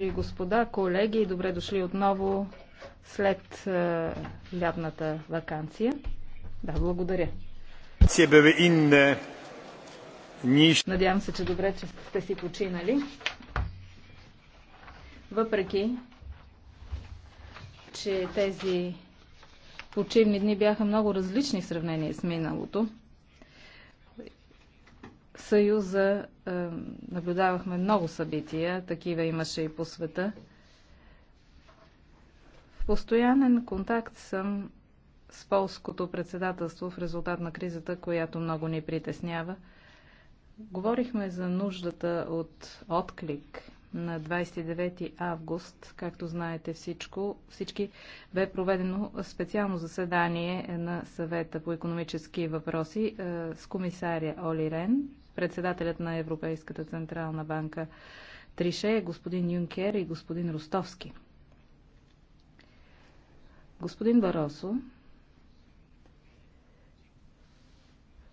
и господа, колеги, добре дошли отново след uh, лятната вакансия. Да, благодаря. Надявам се, че добре, че сте си починали. Въпреки, че тези почивни дни бяха много различни в сравнение с миналото, Съюза е, наблюдавахме много събития, такива имаше и по света. В постоянен контакт съм с полското председателство в резултат на кризата, която много ни притеснява. Говорихме за нуждата от отклик на 29 август, както знаете всичко, всички, бе проведено специално заседание на съвета по економически въпроси е, с комисаря Оли Рен председателят на Европейската централна банка Трише, господин Юнкер и господин Ростовски. Господин Баросо,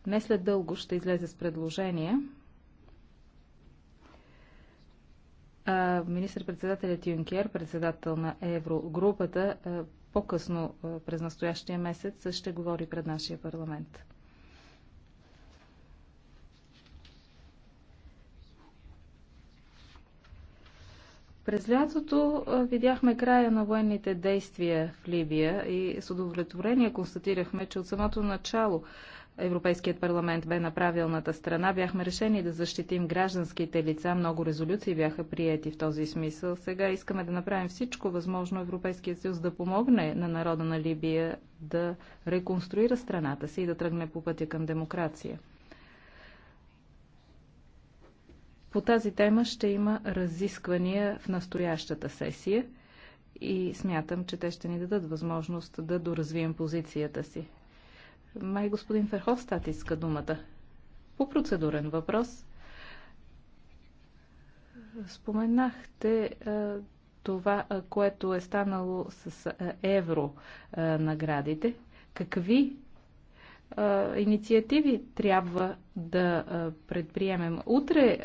не след дълго ще излезе с предложение. Министр-председателят Юнкер, председател на Еврогрупата, по-късно през настоящия месец ще говори пред нашия парламент. През лятото видяхме края на военните действия в Либия и с удовлетворение констатирахме, че от самото начало Европейският парламент бе на правилната страна. Бяхме решени да защитим гражданските лица. Много резолюции бяха приети в този смисъл. Сега искаме да направим всичко възможно Европейския съюз да помогне на народа на Либия да реконструира страната си и да тръгне по пътя към демокрация. По тази тема ще има разисквания в настоящата сесия и смятам, че те ще ни дадат възможност да доразвием позицията си. Май господин Ферховстат иска думата. По процедурен въпрос споменахте е, това, е, което е станало с е, евро наградите. Какви инициативи трябва да предприемем. Утре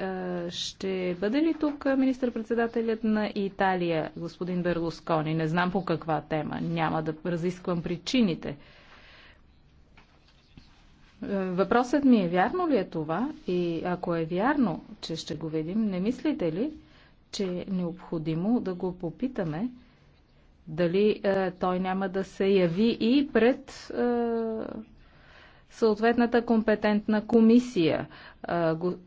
ще бъде ли тук министър-председателят на Италия, господин Берлускони? Не знам по каква тема. Няма да разисквам причините. Въпросът ми е вярно ли е това и ако е вярно, че ще го видим, не мислите ли, че е необходимо да го попитаме дали е, той няма да се яви и пред е, съответната компетентна комисия.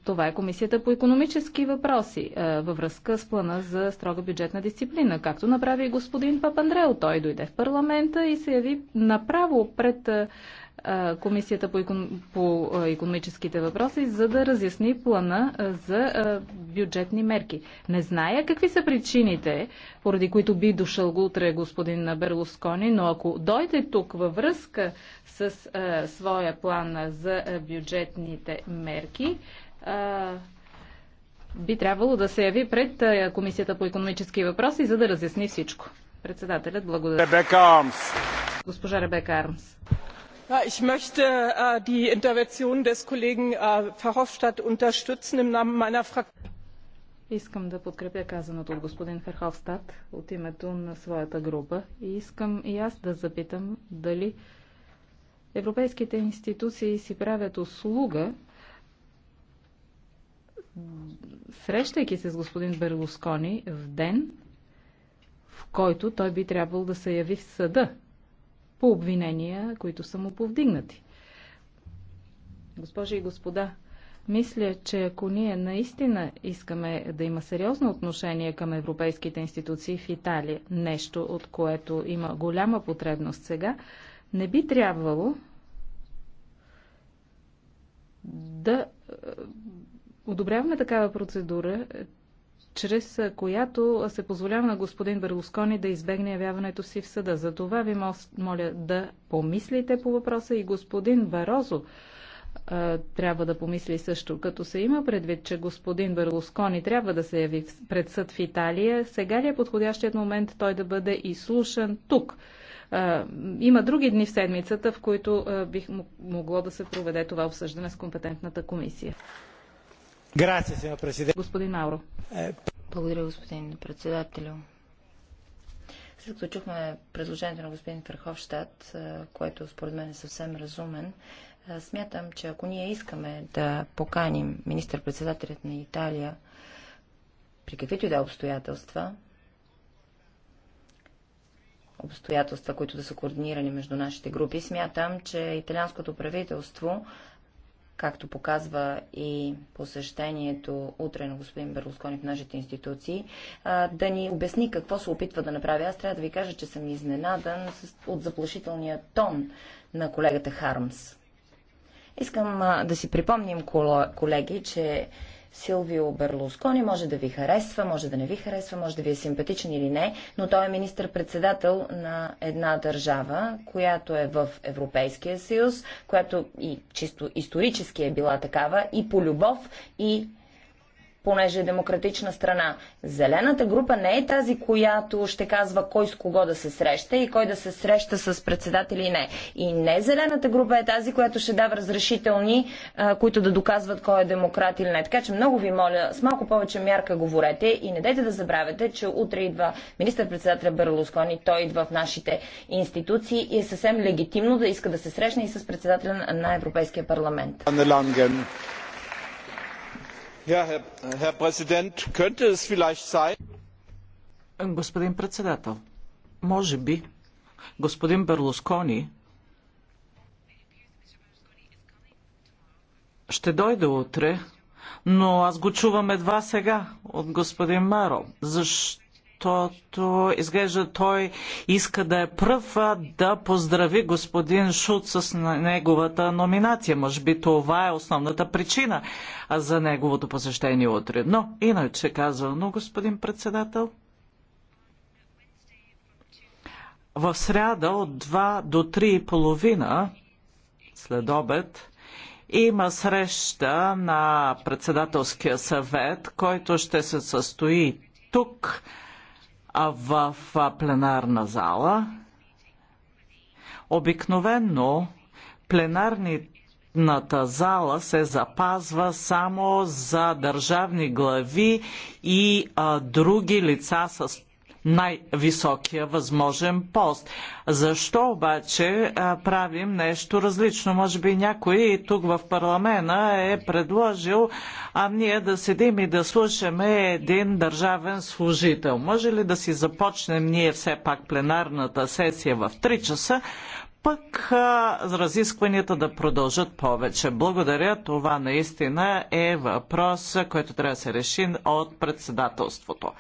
Това е комисията по економически въпроси във връзка с плана за строга бюджетна дисциплина, както направи и господин Папандрел. Той дойде в парламента и се яви направо пред Комисията по, икон... по економическите въпроси, за да разясни плана за бюджетни мерки. Не зная какви са причините, поради които би дошъл утре господин Берлускони, но ако дойде тук във връзка с а, своя план за бюджетните мерки, а, би трябвало да се яви пред Комисията по економически въпроси, за да разясни всичко. Председателят благодаря. Ребека Армс. Госпожа Ребека Армс ich möchte äh, die intervention des kollegen äh, verhofstadt unterstützen im namen meiner fraktion. Искам да подкрепя казаното от господин Ферховстат от името на своята група и искам и аз да запитам дали европейските институции си правят услуга, срещайки се с господин Берлускони в ден, в който той би трябвало да се яви в съда по обвинения, които са му повдигнати. Госпожи и господа, мисля, че ако ние наистина искаме да има сериозно отношение към европейските институции в Италия, нещо от което има голяма потребност сега, не би трябвало да е, одобряваме такава процедура, чрез която се позволява на господин Берлускони да избегне явяването си в съда. За това ви моля да помислите по въпроса и господин Барозо трябва да помисли също. Като се има предвид, че господин Берлускони трябва да се яви пред съд в Италия, сега ли е подходящият момент той да бъде изслушан тук? Има други дни в седмицата, в които бих могло да се проведе това обсъждане с компетентната комисия. Господин е, Благодаря, господин председателю. След като чухме предложението на господин Ферховщад, е, което според мен е съвсем разумен, е, смятам, че ако ние искаме да поканим министър-председателят на Италия при каквито и да обстоятелства, обстоятелства, които да са координирани между нашите групи, смятам, че италианското правителство както показва и посещението утре на господин Берлускони в нашите институции, да ни обясни какво се опитва да направи. Аз трябва да ви кажа, че съм изненадан от заплашителния тон на колегата Хармс. Искам да си припомним, колеги, че Силвио Берлускони може да ви харесва, може да не ви харесва, може да ви е симпатичен или не, но той е министр-председател на една държава, която е в Европейския съюз, която и чисто исторически е била такава, и по любов, и понеже е демократична страна. Зелената група не е тази, която ще казва кой с кого да се среща и кой да се среща с председатели и не. И не зелената група е тази, която ще дава разрешителни, които да доказват кой е демократ или не. Така че много ви моля, с малко повече мярка говорете и не дайте да забравяте, че утре идва министър-председателя Берлускони, той идва в нашите институции и е съвсем легитимно да иска да се срещне и с председателя на Европейския парламент. Господин председател, може би господин Берлускони ще дойде утре, но аз го чувам едва сега от господин Маро. Защо? защото изглежда той иска да е пръв да поздрави господин Шут с неговата номинация. Може би това е основната причина за неговото посещение утре. Но, иначе казано, господин председател, в сряда от 2 до 3 и половина след обед има среща на председателския съвет, който ще се състои тук в пленарна зала. Обикновено пленарната зала се запазва само за държавни глави и а, други лица с най-високия възможен пост. Защо обаче правим нещо различно? Може би някой и тук в парламента е предложил а ние да седим и да слушаме един държавен служител. Може ли да си започнем ние все пак пленарната сесия в 3 часа, пък а, разискванията да продължат повече. Благодаря, това наистина е въпрос, който трябва да се реши от председателството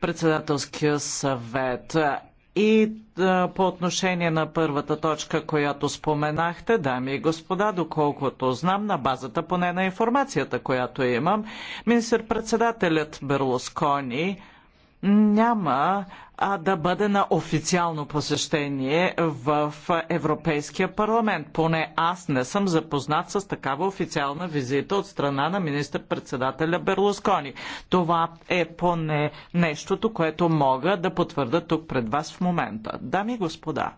председателския съвет. И да, по отношение на първата точка, която споменахте, дами и господа, доколкото знам, на базата поне на информацията, която имам, министър-председателят Берлоскони няма а, да бъде на официално посещение в Европейския парламент. Поне аз не съм запознат с такава официална визита от страна на министър-председателя Берлускони. Това е поне нещото, което мога да потвърда тук пред вас в момента. Дами и господа,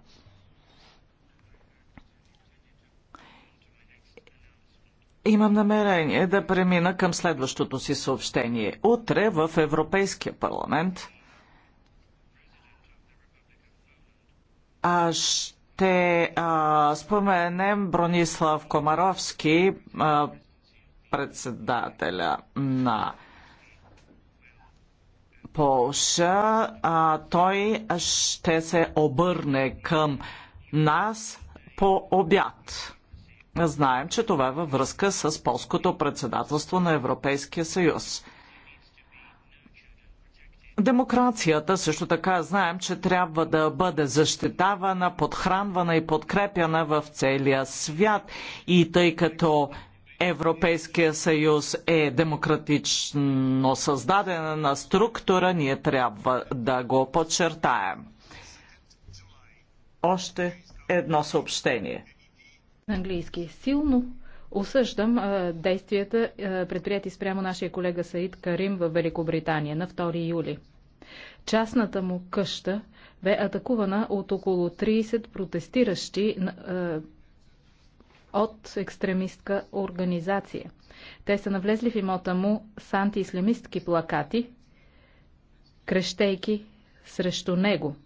Имам намерение да премина към следващото си съобщение. Утре в Европейския парламент а ще а, споменем Бронислав Комаровски, а, председателя на Полша. А, той ще се обърне към нас по обяд. Знаем, че това е във връзка с полското председателство на Европейския съюз. Демокрацията също така знаем, че трябва да бъде защитавана, подхранвана и подкрепяна в целия свят. И тъй като Европейския съюз е демократично създадена структура, ние трябва да го подчертаем. Още едно съобщение на английски. Силно осъждам а, действията, а, предприяти спрямо нашия колега Саид Карим в Великобритания на 2 юли. Частната му къща бе атакувана от около 30 протестиращи а, от екстремистка организация. Те са навлезли в имота му с антиислемистки плакати, крещейки срещу него.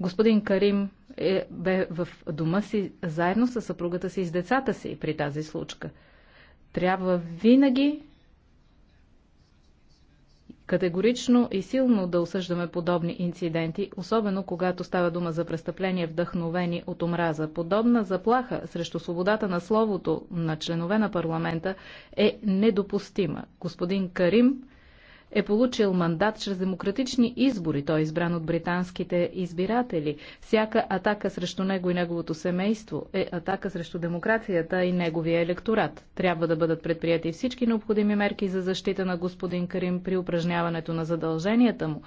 Господин Карим е, бе в дома си заедно с съпругата си и с децата си при тази случка. Трябва винаги категорично и силно да осъждаме подобни инциденти, особено когато става дума за престъпления вдъхновени от омраза. Подобна заплаха срещу свободата на словото на членове на парламента е недопустима. Господин Карим е получил мандат чрез демократични избори. Той е избран от британските избиратели. Всяка атака срещу него и неговото семейство е атака срещу демокрацията и неговия електорат. Трябва да бъдат предприяти всички необходими мерки за защита на господин Карим при упражняването на задълженията му,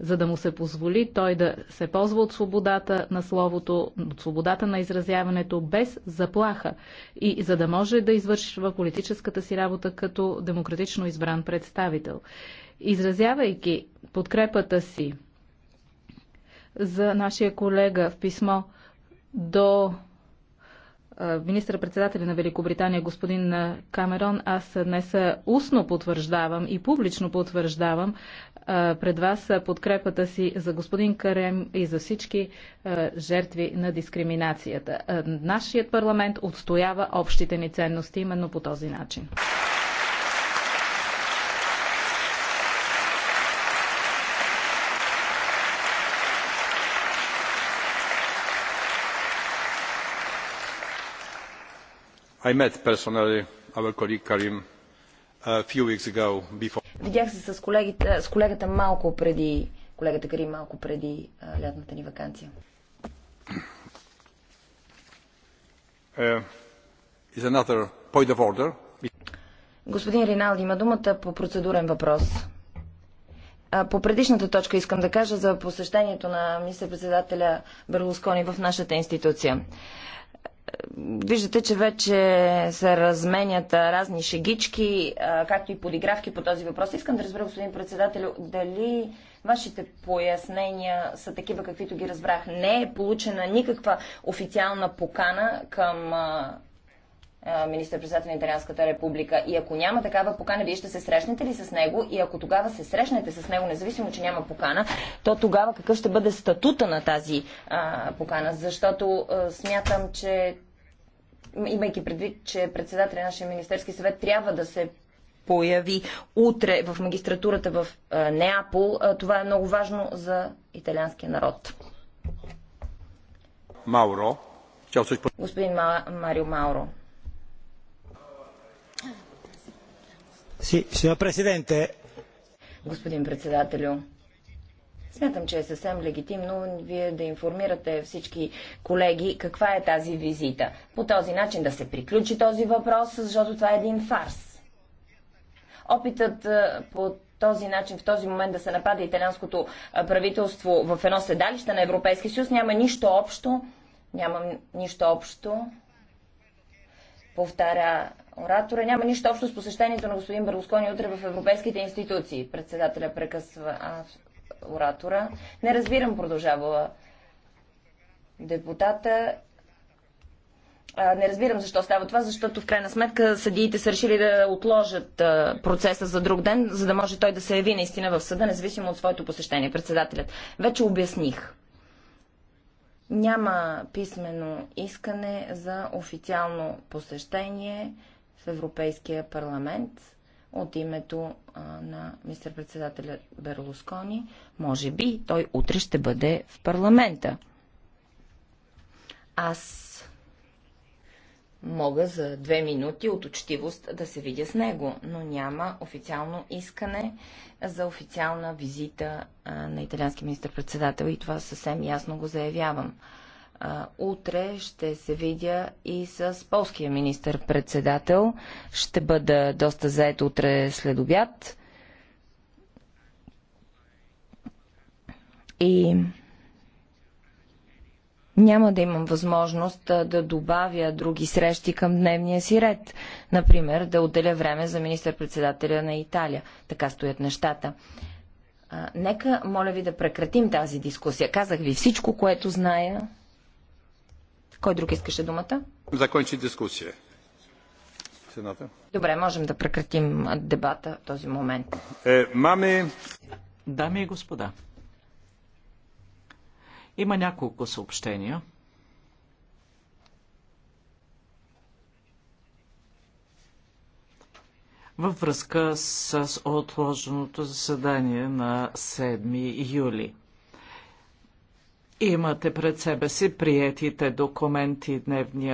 за да му се позволи той да се ползва от свободата на словото, от свободата на изразяването без заплаха и за да може да извършва политическата си работа като демократично избран представител изразявайки подкрепата си за нашия колега в писмо до министър-председателя на Великобритания господин Камерон, аз днес устно потвърждавам и публично потвърждавам пред вас подкрепата си за господин Карем и за всички жертви на дискриминацията. Нашият парламент отстоява общите ни ценности именно по този начин. I met personally our colleague Karim a few weeks ago before. Видях се с, колегите, с колегата малко преди, колегата Карим малко преди а, лятната ни вакансия. Uh, is another point of order. Господин Риналди има думата по процедурен въпрос. По предишната точка искам да кажа за посещението на министър-председателя Берлускони в нашата институция. Виждате, че вече се разменят разни шегички, както и подигравки по този въпрос. Искам да разбера, господин председател, дали вашите пояснения са такива, каквито ги разбрах. Не е получена никаква официална покана към министър-председател на Италианската република. И ако няма такава покана, вие ще се срещнете ли с него? И ако тогава се срещнете с него, независимо, че няма покана, то тогава какъв ще бъде статута на тази а, покана? Защото а, смятам, че имайки предвид, че председателя на нашия Министерски съвет трябва да се появи утре в магистратурата в Неапол, това е много важно за италианския народ. Мауро. Господин Ма... Марио Мауро. Си, Господин председателю, Смятам, че е съвсем легитимно вие да информирате всички колеги каква е тази визита. По този начин да се приключи този въпрос, защото това е един фарс. Опитът по този начин, в този момент да се напада италианското правителство в едно седалище на Европейския съюз няма нищо общо. Няма нищо общо. Повтаря оратора. Няма нищо общо с посещението на господин Берлускони утре в европейските институции. Председателя прекъсва оратора. Не разбирам, продължава депутата. А, не разбирам защо става това, защото в крайна сметка съдиите са решили да отложат а, процеса за друг ден, за да може той да се яви наистина в съда, независимо от своето посещение. Председателят. Вече обясних. Няма писмено искане за официално посещение в Европейския парламент от името на министър-председателя Берлускони. Може би той утре ще бъде в парламента. Аз мога за две минути от учтивост да се видя с него, но няма официално искане за официална визита на италиански министр-председател и това съвсем ясно го заявявам. Утре ще се видя и с полския министр-председател. Ще бъда доста заед утре след обяд. И няма да имам възможност да добавя други срещи към дневния си ред. Например, да отделя време за министър-председателя на Италия. Така стоят нещата. А, нека, моля ви, да прекратим тази дискусия. Казах ви всичко, което зная. Кой друг искаше думата? Закончи дискусия. Сената. Добре, можем да прекратим дебата в този момент. Е, мами... Дами и господа, има няколко съобщения. във връзка с отложеното заседание на 7 юли. Имате пред себе си приетите документи дневния